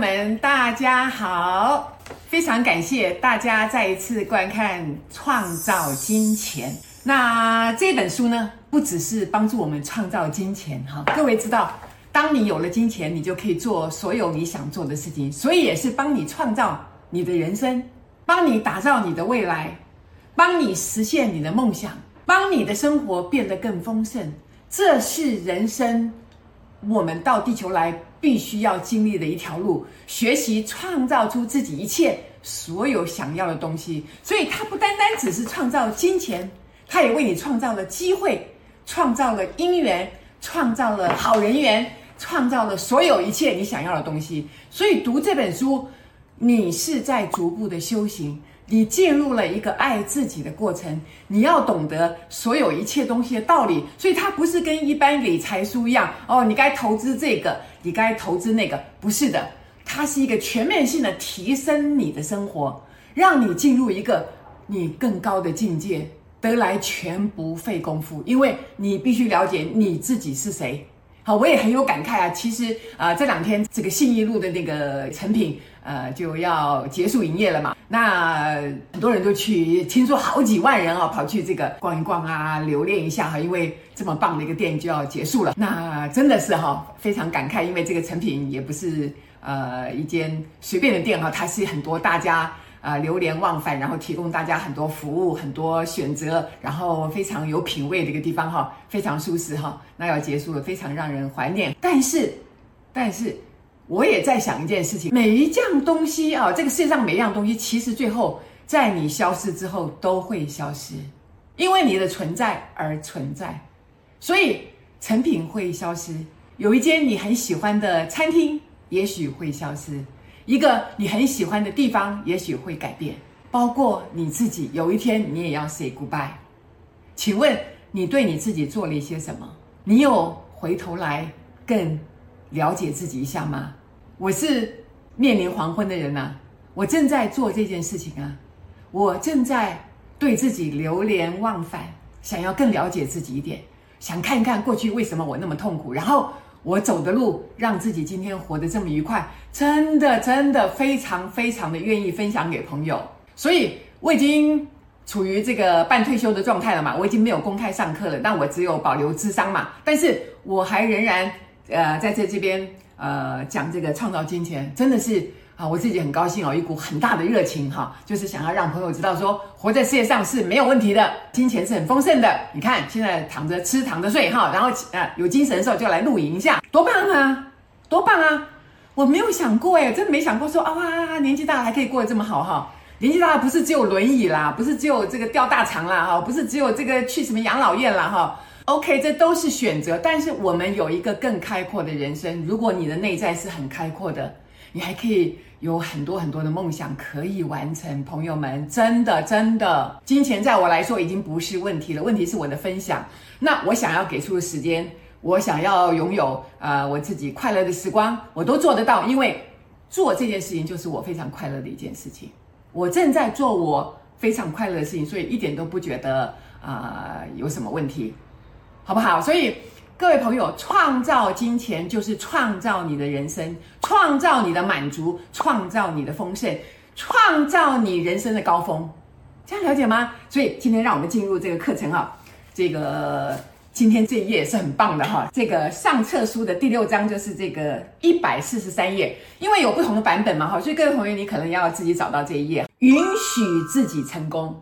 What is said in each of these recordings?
朋友們，大家好！非常感謝大家再一次觀看《創造金錢》。那這本書呢，不只是幫助我們創造金錢哈。各位知道，當你有了金錢，你就可以做所有你想做的事情，所以也是幫你創造你的人生，幫你打造你的未來，幫你實現你的夢想，幫你的生活變得更豐盛。這是人生，我們到地球來必須要經歷的一條路，學習創造出自己一切所有想要的東西。所以它不單單只是創造金錢，它也為你創造了機會，創造了因緣，創造了好人緣，創造了所有一切你想要的東西。所以讀這本書，你是在逐步的修行。你進入了一個愛自己的過程，你要懂得所有一切東西的道理，所以它不是跟一般理財書一樣哦，你該投資這個，你該投資那個，不是的，它是一個全面性的提升你的生活，讓你進入一個你更高的境界，得來全不費工夫，因為你必須了解你自己是誰。好，我也很有感慨啊，其實啊、呃，這兩天這個信義路的那個成品。呃，就要結束營業了嘛，那很多人都去，聽說好幾萬人啊、哦，跑去這個逛一逛啊，留戀一下哈，因為這麼棒的一個店就要結束了。那真的是哈、哦，非常感慨，因為這個誠品也不是呃一間隨便的店哈、哦，它是很多大家啊、呃、流連忘返，然後提供大家很多服務、很多選擇，然後非常有品味的一個地方哈，非常舒適哈、哦。那要結束了，非常讓人懷念。但是，但是。我也在想一件事情，每一件東西啊，這個世界上每一樣東西，其實最後在你消失之後都會消失，因為你的存在而存在。所以，成品會消失，有一間你很喜歡的餐廳，也許會消失；一個你很喜歡的地方，也許會改變。包括你自己，有一天你也要 say goodbye。請問你對你自己做了一些什麼？你有回頭來更了解自己一下嗎？我是面臨黃昏的人吶、啊，我正在做這件事情啊，我正在對自己流連忘返，想要更了解自己一點，想看一看過去為什麼我那麼痛苦，然後我走的路讓自己今天活得這麼愉快，真的真的非常非常的願意分享給朋友，所以我已經處於這個半退休的狀態了嘛，我已經沒有公開上課了，那我只有保留諮商嘛，但是我還仍然呃在這這邊。呃，講這個創造金錢，真的是啊，我自己很高興哦，一股很大的熱情哈、啊，就是想要讓朋友知道說，說活在世界上是沒有問題的，金錢是很豐盛的。你看現在躺着吃，躺着睡哈，然後啊有精神的時候就來露營一下，多棒啊，多棒啊！我沒有想過哎，我真的沒想過說、哦、啊,啊,啊,啊，年紀大了還可以過得這麼好哈、啊，年紀大了不是只有輪椅啦，不是只有這個吊大腸啦，哈、啊，不是只有這個去什麼養老院啦。哈、啊。OK，這都是選擇，但是我們有一個更開闊的人生。如果你的內在是很開闊的，你還可以有很多很多的夢想可以完成。朋友們，真的真的，金錢在我來說已經不是問題了。問題是我的分享，那我想要給出的時間，我想要擁有呃我自己快樂的時光，我都做得到，因為做這件事情就是我非常快樂的一件事情。我正在做我非常快樂的事情，所以一點都不覺得啊、呃、有什麼問題。好不好？所以各位朋友，創造金錢就是創造你的人生，創造你的滿足，創造你的豐盛，創造你人生的高峰，這樣了解嗎？所以今天讓我們進入這個課程啊，這個今天這一頁是很棒的哈，這個上冊書的第六章就是這個一百四十三頁，因為有不同的版本嘛哈，所以各位朋友，你可能要自己找到這一頁，允許自己成功。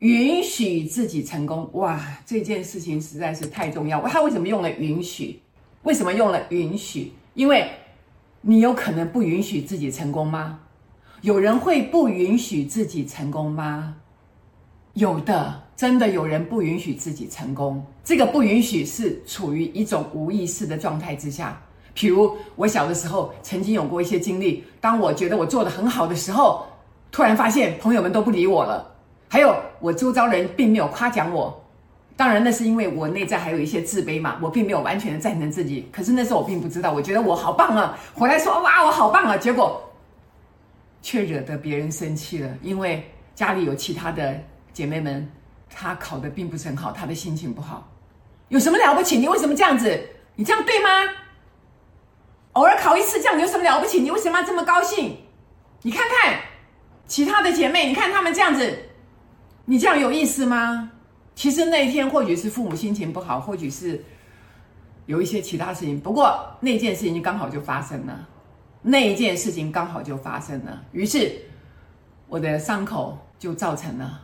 允許自己成功，哇，這件事情實在是太重要。他為什麼用了「允許」？為什麼用了「允許」？因為，你有可能不允許自己成功嗎？有人會不允許自己成功嗎？有的，真的有人不允許自己成功。這個不允許是處於一種無意識的狀態之下。譬如我小的時候曾經有過一些經歷，當我覺得我做得很好的時候，突然發現朋友們都不理我了。還有我周遭人並沒有誇獎我，當然那是因為我內在還有一些自卑嘛，我並沒有完全的贊成自己。可是那時候我並不知道，我覺得我好棒啊，回來說，哇，我好棒啊，結果卻惹得別人生氣了。因為家裡有其他的姐妹們，她考得並不是很好，她的心情不好，有什麼了不起？你為什麼這樣子？你這樣對嗎？偶爾考一次這樣你有什麼了不起？你為什麼要這麼高興？你看看其他的姐妹，你看她們這樣子。你這樣有意思嗎？其實那一天或許是父母心情不好，或許是有一些其他事情。不過那件事情剛好就發生了，那一件事情剛好就發生了，於是我的傷口就造成了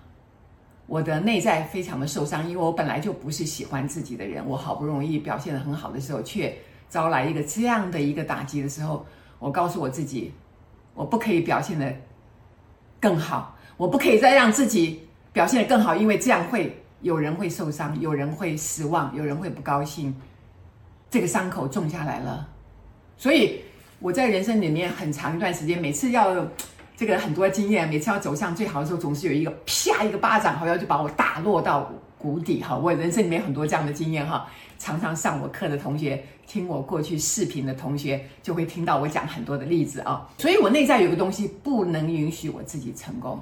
我的內在非常的受傷。因為我本來就不是喜歡自己的人，我好不容易表現得很好的時候，卻招來一個這樣的一個打擊的時候，我告訴我自己，我不可以表現得更好，我不可以再讓自己表現得更好，因為這樣會有人會受傷，有人會失望，有人會不高興，這個傷口種下來了。所以我在人生裡面很長一段時間，每次要這個很多經驗，每次要走向最好的時候，總是有一個啪一個巴掌，好像就把我打落到谷底哈。我人生裡面很多這樣的經驗哈，常常上我課的同學，聽我過去視頻的同學，就會聽到我講很多的例子啊。所以我內在有個東西不能允許我自己成功。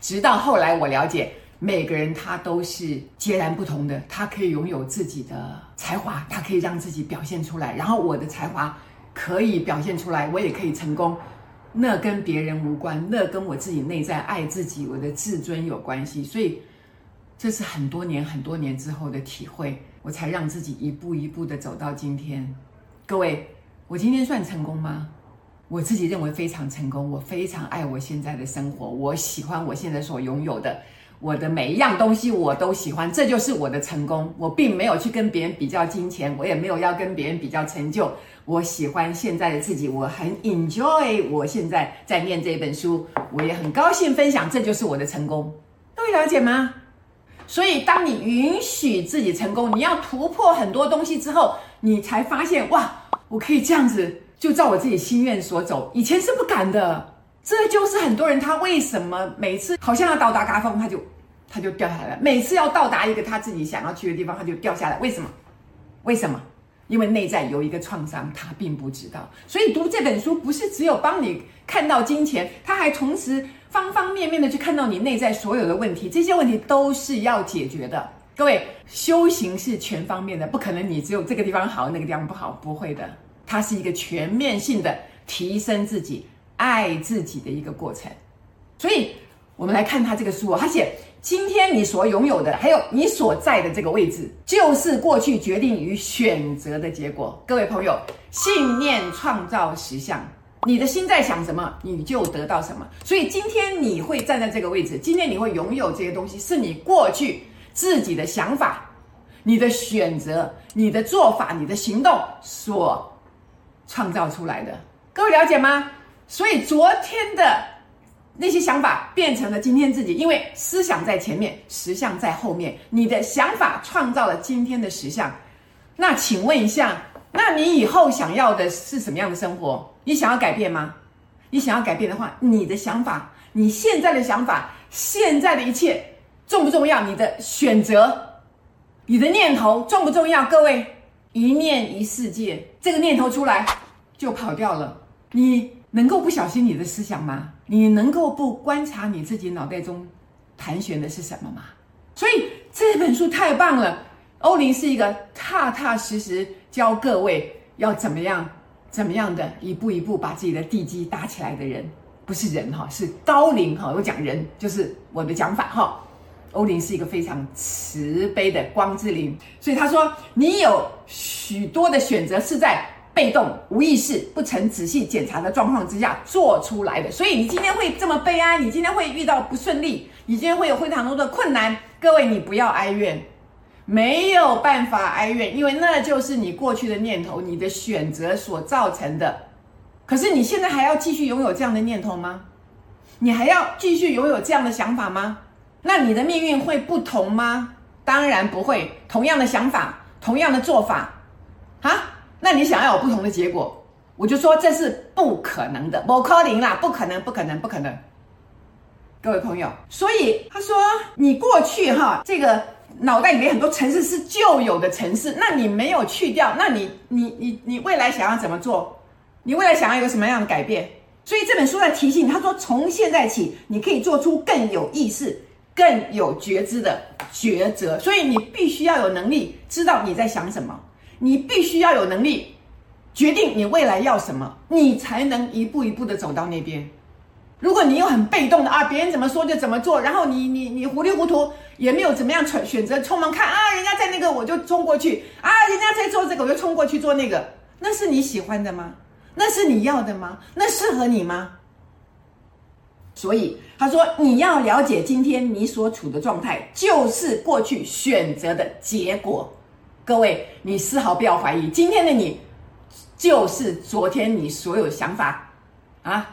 直到後來，我了解每個人他都是截然不同的，他可以擁有自己的才華，他可以讓自己表現出來，然後我的才華可以表現出來，我也可以成功，那跟別人無關，那跟我自己內在愛自己、我的自尊有關係，所以這是很多年、很多年之後的體會，我才讓自己一步一步的走到今天。各位，我今天算成功嗎？我自己認為非常成功，我非常愛我現在的生活，我喜歡我現在所擁有的，我的每一樣東西我都喜歡，這就是我的成功。我並沒有去跟別人比較金錢，我也沒有要跟別人比較成就。我喜歡現在的自己，我很 enjoy 我現在在念這本書，我也很高興分享，這就是我的成功。各位了解嗎？所以當你允許自己成功，你要突破很多東西之後，你才發現，哇，我可以這樣子。就照我自己心願所走，以前是不敢的。這就是很多人他為什麼每次好像要到達高峰，他就他就掉下來；每次要到達一個他自己想要去的地方，他就掉下來。為什麼？為什麼？因為內在有一個創傷，他並不知道。所以讀這本書不是只有幫你看到金錢，他還同時方方面面的去看到你內在所有的問題。這些問題都是要解決的。各位，修行是全方面的，不可能你只有這個地方好，那個地方不好，不會的。它是一個全面性的提升自己、愛自己的一個過程，所以，我們來看他這個書，他寫：今天你所擁有的，還有你所在的這個位置，就是過去決定與選擇的結果。各位朋友，信念創造實相，你的心在想什麼，你就得到什麼。所以，今天你會站在這個位置，今天你會擁有這些東西，是你過去自己的想法、你的選擇、你的做法、你的行動所。創造出來的，各位了解嗎？所以昨天的那些想法變成了今天自己，因為思想在前面，實相在後面。你的想法創造了今天的實相。那請問一下，那你以後想要的是什麼樣的生活？你想要改變嗎？你想要改變的話，你的想法，你現在的想法，現在的一切重不重要？你的選擇，你的念頭重不重要？各位。一念一世界，這個念頭出來就跑掉了。你能夠不小心你的思想嗎？你能夠不觀察你自己腦袋中盤旋的是什麼嗎？所以這本書太棒了。歐林是一個踏踏實實教各位要怎麼樣、怎麼樣的，一步一步把自己的地基打起來的人，不是人哈，是高靈哈。我講人就是我的講法哈。歐林是一個非常慈悲的光之靈，所以他說：“你有許多的選擇是在被動、無意識、不曾仔細檢查的狀況之下做出來的。所以你今天會這麼悲哀、啊，你今天會遇到不順利，你今天會有非常多的困難。各位，你不要哀怨，沒有辦法哀怨，因為那就是你過去的念頭、你的選擇所造成的。可是你現在還要繼續擁有這樣的念頭嗎？你還要繼續擁有這樣的想法嗎？”那你的命運會不同嗎？當然不會，同樣的想法，同樣的做法，啊？那你想要有不同的結果，我就說，這是不可能的，不可能啦，不可能，不可能，不可能。各位朋友，所以他說你過去哈，這個腦袋裡面很多城市是舊有的城市，那你沒有去掉，那你你你你未來想要怎麼做？你未來想要一個什麼樣的改變？所以這本書在提醒，他說從現在起，你可以做出更有意識。更有覺知的抉擇，所以你必須要有能力知道你在想什麼，你必須要有能力決定你未來要什麼，你才能一步一步的走到那邊。如果你又很被動的啊，別人怎麼說就怎麼做，然後你你你，你糊里糊塗也沒有怎麼樣選選擇，匆忙看啊，人家在那個我就衝過去啊，人家在做這個我就衝過去做那個，那是你喜歡的嗎？那是你要的嗎？那適合你嗎？所以他說：“你要了解今天你所處的狀態，就是過去選擇的結果。各位，你絲毫不要懷疑，今天的你，就是昨天你所有想法啊，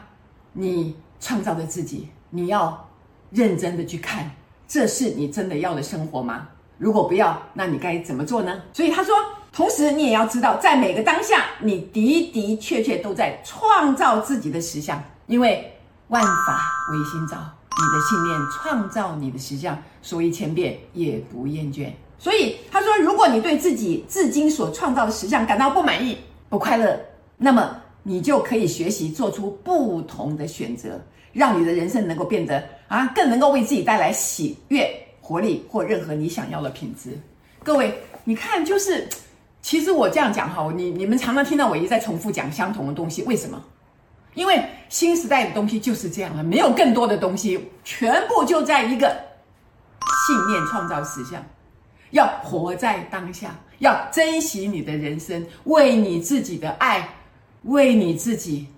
你創造的自己。你要認真的去看，這是你真的要的生活嗎？如果不要，那你該怎麼做呢？所以他說，同時你也要知道，在每個當下，你的的確確都在創造自己的實相，因為。”萬法唯心造，你的信念創造你的實相，所以千遍也不厭倦。所以他說，如果你對自己至今所創造的實相感到不滿意、不快樂，那麼你就可以學習做出不同的選擇，讓你的人生能夠變得啊，更能夠為自己帶來喜悅、活力或任何你想要的品質。各位，你看，就是，其實我這樣講哈，你你們常常聽到我一再重複講相同的東西，為什麼？因為新時代的東西就是這樣了，沒有更多的東西，全部就在一個信念，創造實相。要活在當下，要珍惜你的人生，為你自己的愛，為你自己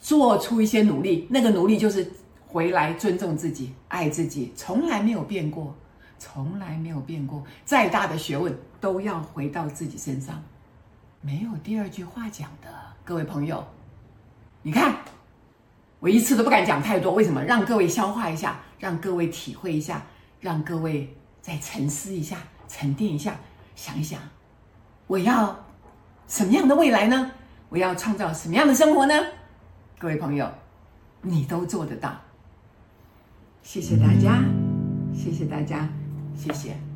做出一些努力。那個努力就是回來尊重自己，愛自己，從來沒有變過，從來沒有變過。再大的學問都要回到自己身上，沒有第二句話講的，各位朋友。你看，我一次都不敢講太多，為什麼？讓各位消化一下，讓各位體會一下，讓各位再沉思一下，沉澱一下，想一想，我要什麼樣的未來呢？我要創造什麼樣的生活呢？各位朋友，你都做得到。謝謝大家，謝謝大家，謝謝。